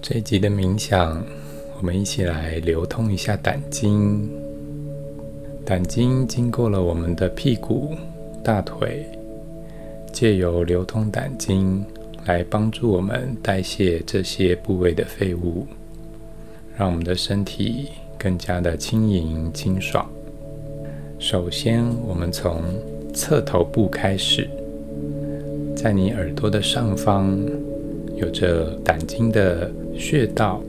這一集的冥想，我們一起來流通一下膽經。膽經經過了我們的屁股、大腿，借由流通膽經來幫助我們代謝這些部位的廢物，讓我們的身體更加的輕盈清爽。首先我們從側頭部開始，在你耳朵的上方。有着膽經的穴道，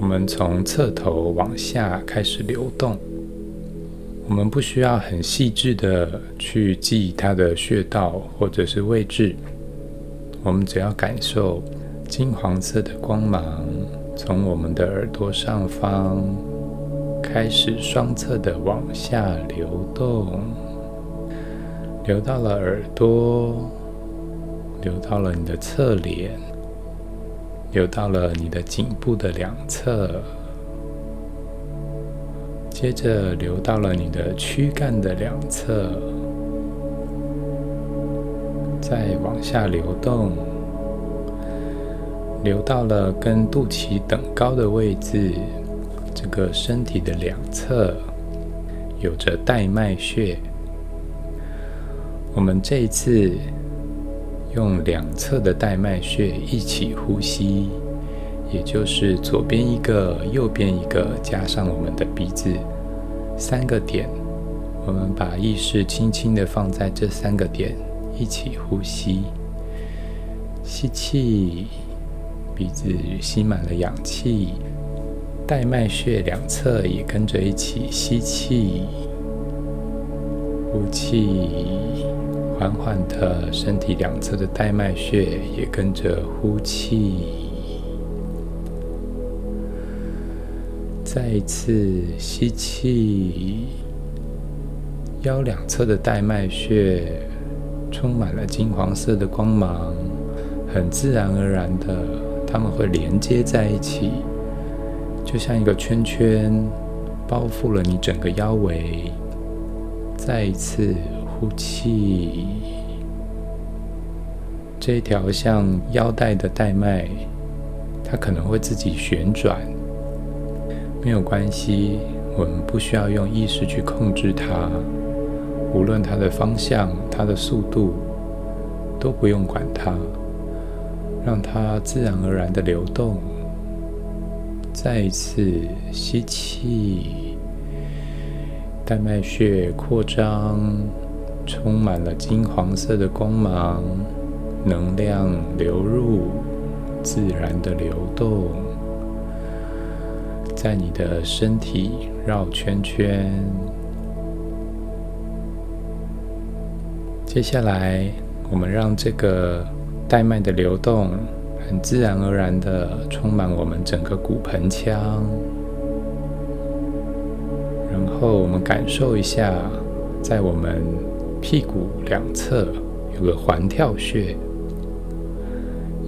我們從側頭往下開始流動。我們不需要很細緻的去記它的穴道或者是位置，我們只要感受金黃色的光芒從我們的耳朵上方開始，雙側的往下流動，流到了耳朵，流到了你的側臉。流到了你的頸部的兩側，接着流到了你的軀幹的兩側，再往下流動，流到了跟肚臍等高的位置。這個身體的兩側有着帶脈穴，我們這一次。用兩側的帶脈穴一起呼吸，也就是左邊一個，右邊一個，加上我們的鼻子，三個點。我們把意識輕輕地放在這三個點，一起呼吸。吸氣，鼻子吸滿了氧氣，帶脈穴兩側也跟着一起吸氣，呼氣。緩緩的，身體兩側的帶脈穴也跟着呼氣，再一次吸氣，腰兩側的帶脈穴充滿了金黃色的光芒，很自然而然的，它們會連接在一起，就像一個圈圈，包覆了你整個腰圍，再一次。呼氣，這一條像腰帶的帶脈，它可能會自己旋轉，沒有關係，我們不需要用意識去控制它。無論它的方向、它的速度，都不用管它，讓它自然而然的流動。再一次吸氣，帶脈穴擴張。充滿了金黃色的光芒，能量流入，自然的流動，在你的身體繞圈圈。接下來，我們讓這個帶脈的流動很自然而然的充滿我們整個骨盆腔，然後我們感受一下，在我們。屁股兩側有個環跳穴，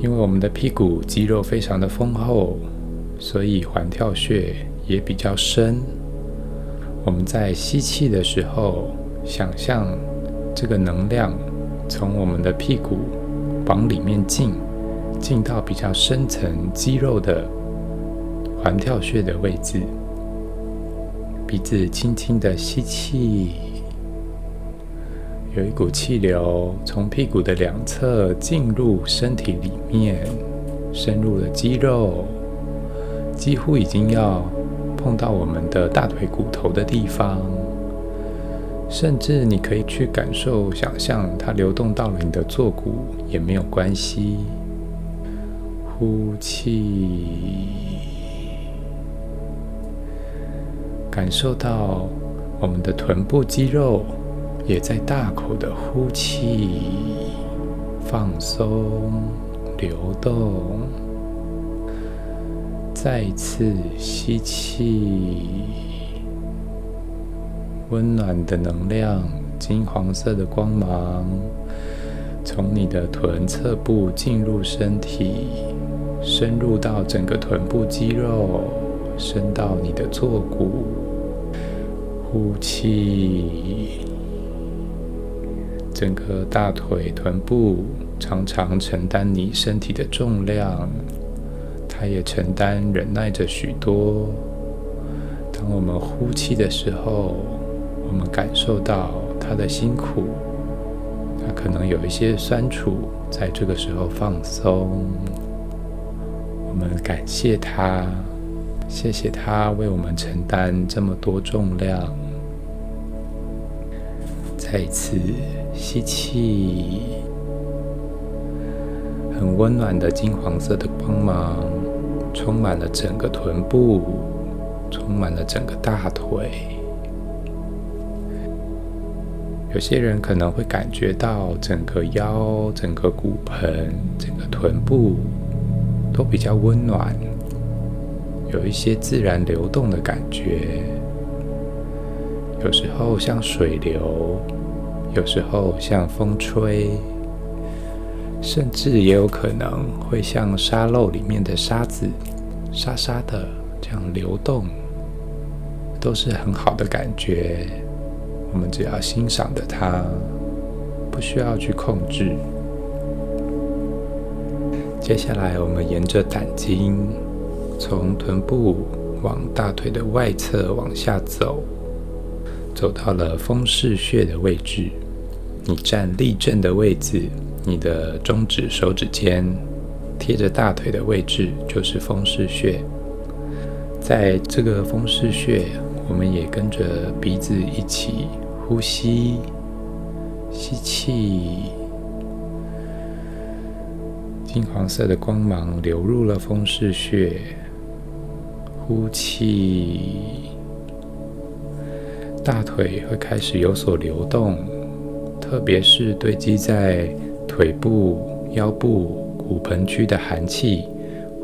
因為我們的屁股肌肉非常的豐厚，所以環跳穴也比較深。我們在吸氣的時候，想象這個能量從我們的屁股往裡面進，進到比較深層肌肉的環跳穴的位置。鼻子輕輕的吸氣。有一股氣流從屁股的兩側進入身體裡面，深入了肌肉，幾乎已經要碰到我們的大腿骨頭的地方。甚至你可以去感受、想象它流動到了你的坐骨也沒有關係。呼氣，感受到我們的臀部肌肉。也在大口的呼氣，放鬆，流動，再次吸氣，溫暖的能量，金黃色的光芒，從你的臀側部進入身體，深入到整個臀部肌肉，伸到你的坐骨，呼氣。整個大腿、臀部常常承擔你身體的重量，它也承擔忍耐着許多。當我們呼氣的時候，我們感受到它的辛苦，它可能有一些酸楚，在這個時候放鬆。我們感謝它，謝謝它為我們承擔這麼多重量。再一次。吸氣，很溫暖的金黃色的光芒，充滿了整個臀部，充滿了整個大腿。有些人可能會感覺到整個腰、整個骨盆、整個臀部都比較溫暖，有一些自然流動的感覺，有時候像水流。有時候像風吹，甚至也有可能會像沙漏裡面的沙子，沙沙的這樣流動，都是很好的感覺。我們只要欣賞的它，不需要去控制。接下來，我們沿着膽經，從臀部往大腿的外側往下走，走到了風市穴的位置。你站立正的位置，你的中指手指尖貼着大腿的位置就是風市穴。在這個風市穴，我們也跟着鼻子一起呼吸，吸氣，金黃色的光芒流入了風市穴，呼氣，大腿會開始有所流動。特別是堆積在腿部、腰部、骨盆區的寒氣，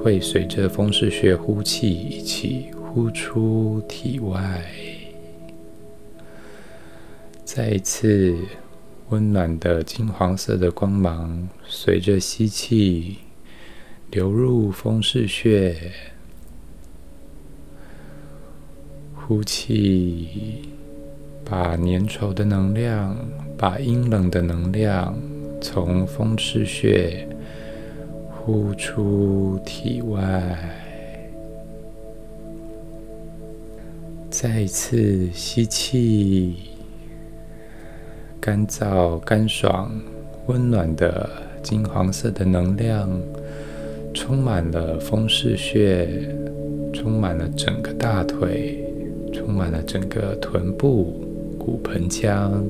會隨着風市穴呼氣一起呼出體外。再一次，溫暖的金黃色的光芒隨着吸氣流入風市穴，呼氣。把粘稠的能量，把陰冷的能量，從風池穴呼出體外。再次吸氣，乾燥、乾爽、溫暖的金黃色的能量，充滿了風池穴，充滿了整個大腿，充滿了整個臀部。骨盆腔，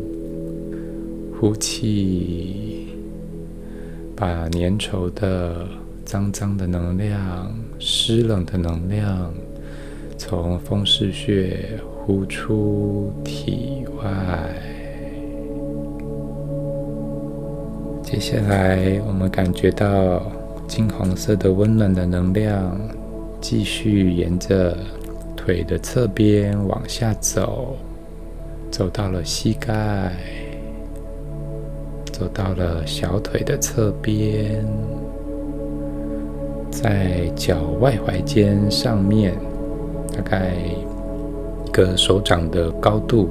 呼氣，把粘稠的、髒髒的能量、濕冷的能量，從風市穴呼出體外。接下來，我們感覺到金黃色的溫暖的能量，繼續沿着腿的側邊往下走。走到了膝蓋，走到了小腿的側邊，在腳外踝尖上面，大概一個手掌的高度，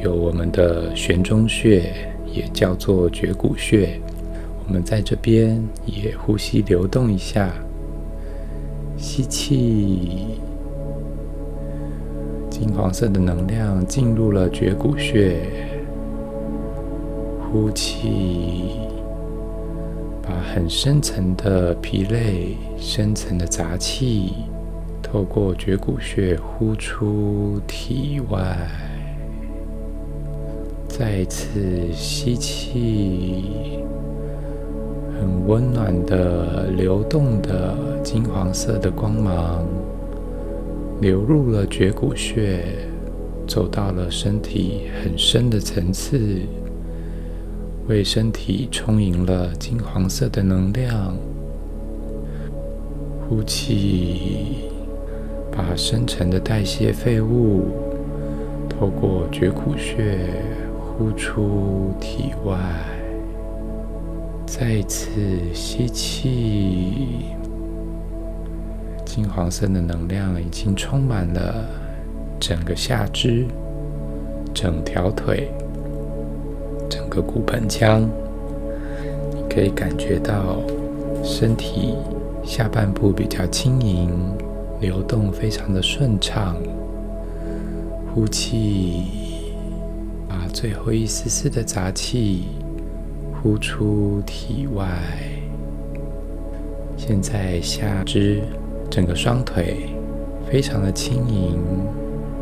有我們的懸鐘穴，也叫做絕骨穴。我們在這邊也呼吸流動一下，吸氣。金黃色的能量進入了絕骨穴，呼氣，把很深層的疲累、深層的雜氣，透過絕骨穴呼出體外。再一次吸氣，很溫暖的、流動的金黃色的光芒。流入了絕骨穴，走到了身體很深的層次，為身體充盈了金黃色的能量。呼氣，把深沉的代謝廢物透過絕骨穴呼出體外。再一次吸氣。金黃色的能量已經充滿了整個下肢、整條腿、整個骨盆腔，你可以感覺到身體下半部比較輕盈，流動非常的順暢。呼氣，把最後一絲絲的雜氣呼出體外。現在下肢。整個雙腿非常的輕盈，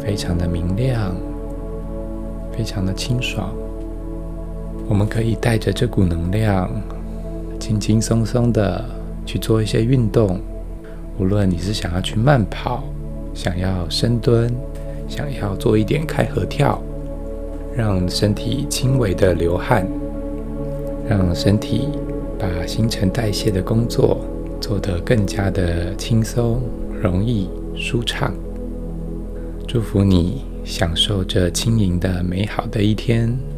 非常的明亮，非常的清爽。我們可以帶着這股能量，輕輕鬆鬆的去做一些運動。無論你是想要去慢跑，想要深蹲，想要做一點開合跳，讓身體輕微的流汗，讓身體把新陳代謝的工作。做得更加的輕鬆、容易、舒暢。祝福你享受這輕盈的美好的一天。